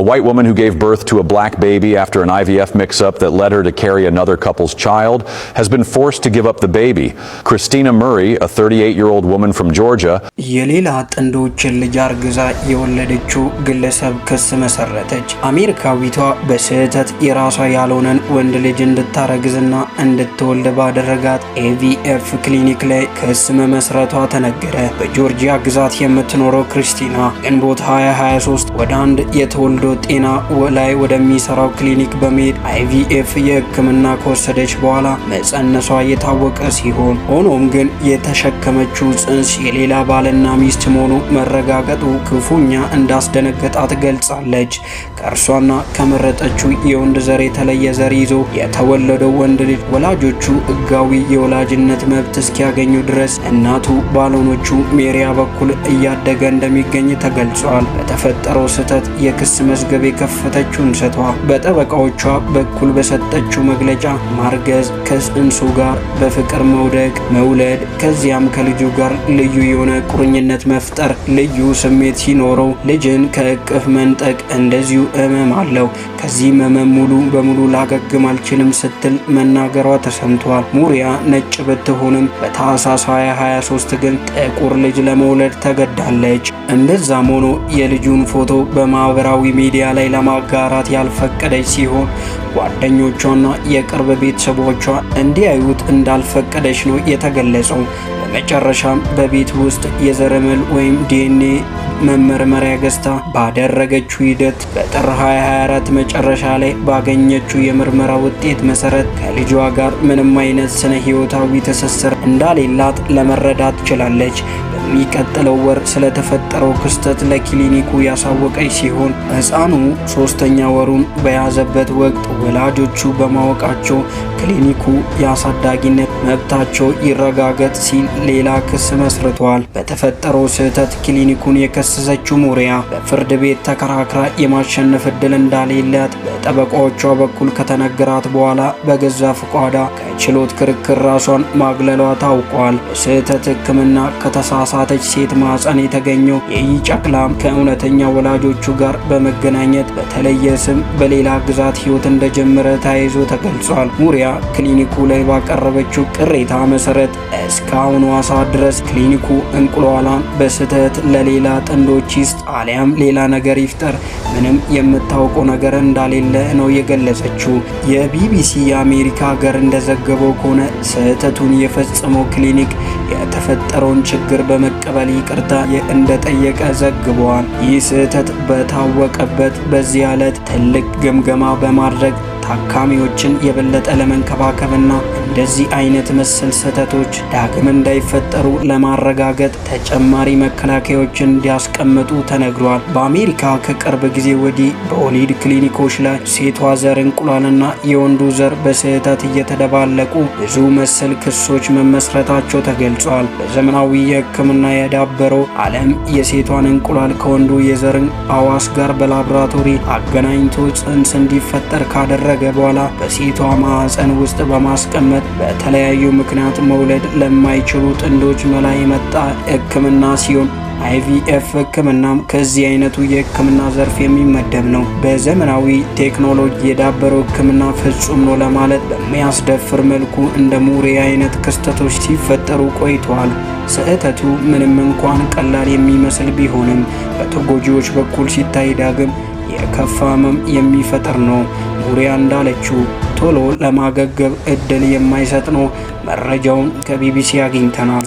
A white woman who gave birth to a black baby after an IVF mix up that led her to carry another couple's child has been forced to give up the baby. Christina Murray, a 38 year old woman from Georgia, የሌላ ጥንዶችን ልጅ አርግዛ የወለደችው ግለሰብ ክስ መሰረተች። አሜሪካዊቷ በስህተት የራሷ ያልሆነን ወንድ ልጅ እንድታረግዝና እንድትወልድ ባደረጋት ኤቪኤፍ ክሊኒክ ላይ ክስ መመስረቷ ተነገረ። በጆርጂያ ግዛት የምትኖረው ክርስቲና ግንቦት 2023 ወደ አንድ የተወልዱ በተለምዶ ጤና ላይ ወደሚሰራው ክሊኒክ በመሄድ አይቪኤፍ የህክምና ከወሰደች በኋላ መጸነሷ የታወቀ ሲሆን ሆኖም ግን የተሸከመችው ጽንስ የሌላ ባልና ሚስት መሆኑ መረጋገጡ ክፉኛ እንዳስደነገጣት ገልጻለች። ከእርሷና ከመረጠችው የወንድ ዘር የተለየ ዘር ይዞ የተወለደው ወንድ ልጅ ወላጆቹ ህጋዊ የወላጅነት መብት እስኪያገኙ ድረስ እናቱ ባልሆኖቹ ሜሪያ በኩል እያደገ እንደሚገኝ ተገልጿል። በተፈጠረው ስህተት የክስ መዝገብ የከፈተችውን ሰቷ በጠበቃዎቿ በኩል በሰጠችው መግለጫ ማርገዝ ከጽንሱ ጋር በፍቅር መውደቅ፣ መውለድ ከዚያም ከልጁ ጋር ልዩ የሆነ ቁርኝነት መፍጠር ልዩ ስሜት ሲኖረው ልጅን ከእቅፍ መንጠቅ እንደዚሁ እመም አለው። ከዚህ መመም ሙሉ በሙሉ ላገግም አልችልም ስትል መናገሯ ተሰምቷል። ሙሪያ ነጭ ብትሆንም በታህሳስ 2023 ግን ጥቁር ልጅ ለመውለድ ተገዳለች። እንደዛም ሆኖ የልጁን ፎቶ በማህበራዊ ሚዲያ ላይ ለማጋራት ያልፈቀደች ሲሆን ጓደኞቿና የቅርብ ቤተሰቦቿ እንዲያዩት እንዳልፈቀደች ነው የተገለጸው። በመጨረሻም በቤት ውስጥ የዘረመል ወይም ዲኤንኤ መመርመሪያ ገዝታ ባደረገችው ሂደት በጥር 2024 መጨረሻ ላይ ባገኘችው የምርመራ ውጤት መሰረት ከልጇ ጋር ምንም አይነት ስነ ህይወታዊ ትስስር እንዳሌላት ለመረዳት ችላለች። በሚቀጥለው ወር ስለተፈጠረው ክስተት ለክሊኒኩ ያሳወቀች ሲሆን ህፃኑ ሶስተኛ ወሩን በያዘበት ወቅት ወላጆቹ በማወቃቸው ክሊኒኩ የአሳዳጊነት መብታቸው ይረጋገጥ ሲል ሌላ ክስ መስርቷል። በተፈጠረው ስህተት ክሊኒኩን የከሰሰችው ሙሪያ በፍርድ ቤት ተከራክራ የማሸነፍ እድል እንዳሌላት በጠበቃዎቿ በኩል ከተነገራት በኋላ በገዛ ፍቋዳ ከችሎት ክርክር ራሷን ማግለሏ ታውቋል። በስህተት ሕክምና ከተሳሳተች ሴት ማህፀን የተገኘው የይህ ጨቅላም ከእውነተኛ ወላጆቹ ጋር በመገናኘት በተለየ ስም በሌላ ግዛት ህይወት እንደጀመረ ተያይዞ ተገልጿል። ሙሪያ ክሊኒኩ ላይ ባቀረበችው ቅሬታ መሰረት እስካሁን ዋሳ ድረስ ክሊኒኩ እንቁላሏን በስህተት ለሌላ ጥንዶች ይስጥ አሊያም ሌላ ነገር ይፍጠር ምንም የምታውቀው ነገር እንዳሌለ ነው የገለጸችው። የቢቢሲ የአሜሪካ ሀገር እንደዘገበው ከሆነ ስህተቱን የፈጸመው ክሊኒክ የተፈጠረውን ችግር በመቀበል ይቅርታ እንደጠየቀ ዘግበዋል። ይህ ስህተት በታወቀበት በዚህ ዕለት ትልቅ ግምገማ በማድረግ ታካሚዎችን የበለጠ ለመንከባከብና እንደዚህ አይነት መሰል ስህተቶች ዳግም እንዳይፈጠሩ ለማረጋገጥ ተጨማሪ መከላከያዎችን እንዲያስቀምጡ ተነግሯል። በአሜሪካ ከቅርብ ጊዜ ወዲህ በኦሊድ ክሊኒኮች ላይ ሴቷ ዘር እንቁላልና የወንዱ ዘር በስህተት እየተደባለቁ ብዙ መሰል ክሶች መመስረታቸው ተገልጿል። በዘመናዊ የሕክምና የዳበረው ዓለም የሴቷን እንቁላል ከወንዱ የዘርን አዋስ ጋር በላብራቶሪ አገናኝቶ ጽንስ እንዲፈጠር ካደረገ ከተደረገ በኋላ በሴቷ ማዕፀን ውስጥ በማስቀመጥ በተለያዩ ምክንያት መውለድ ለማይችሉ ጥንዶች መላ የመጣ ሕክምና ሲሆን አይቪኤፍ ህክምናም ከዚህ አይነቱ የህክምና ዘርፍ የሚመደብ ነው። በዘመናዊ ቴክኖሎጂ የዳበረው ህክምና ፍጹም ነው ለማለት በሚያስደፍር መልኩ እንደ ሙሬ አይነት ክስተቶች ሲፈጠሩ ቆይተዋል። ስህተቱ ምንም እንኳን ቀላል የሚመስል ቢሆንም በተጎጂዎች በኩል ሲታይ ዳግም የከፋ ህመም የሚፈጥር ነው። ጉሪያ እንዳለችው ቶሎ ለማገገብ እድል የማይሰጥ ነው። መረጃውን ከቢቢሲ አግኝተናል።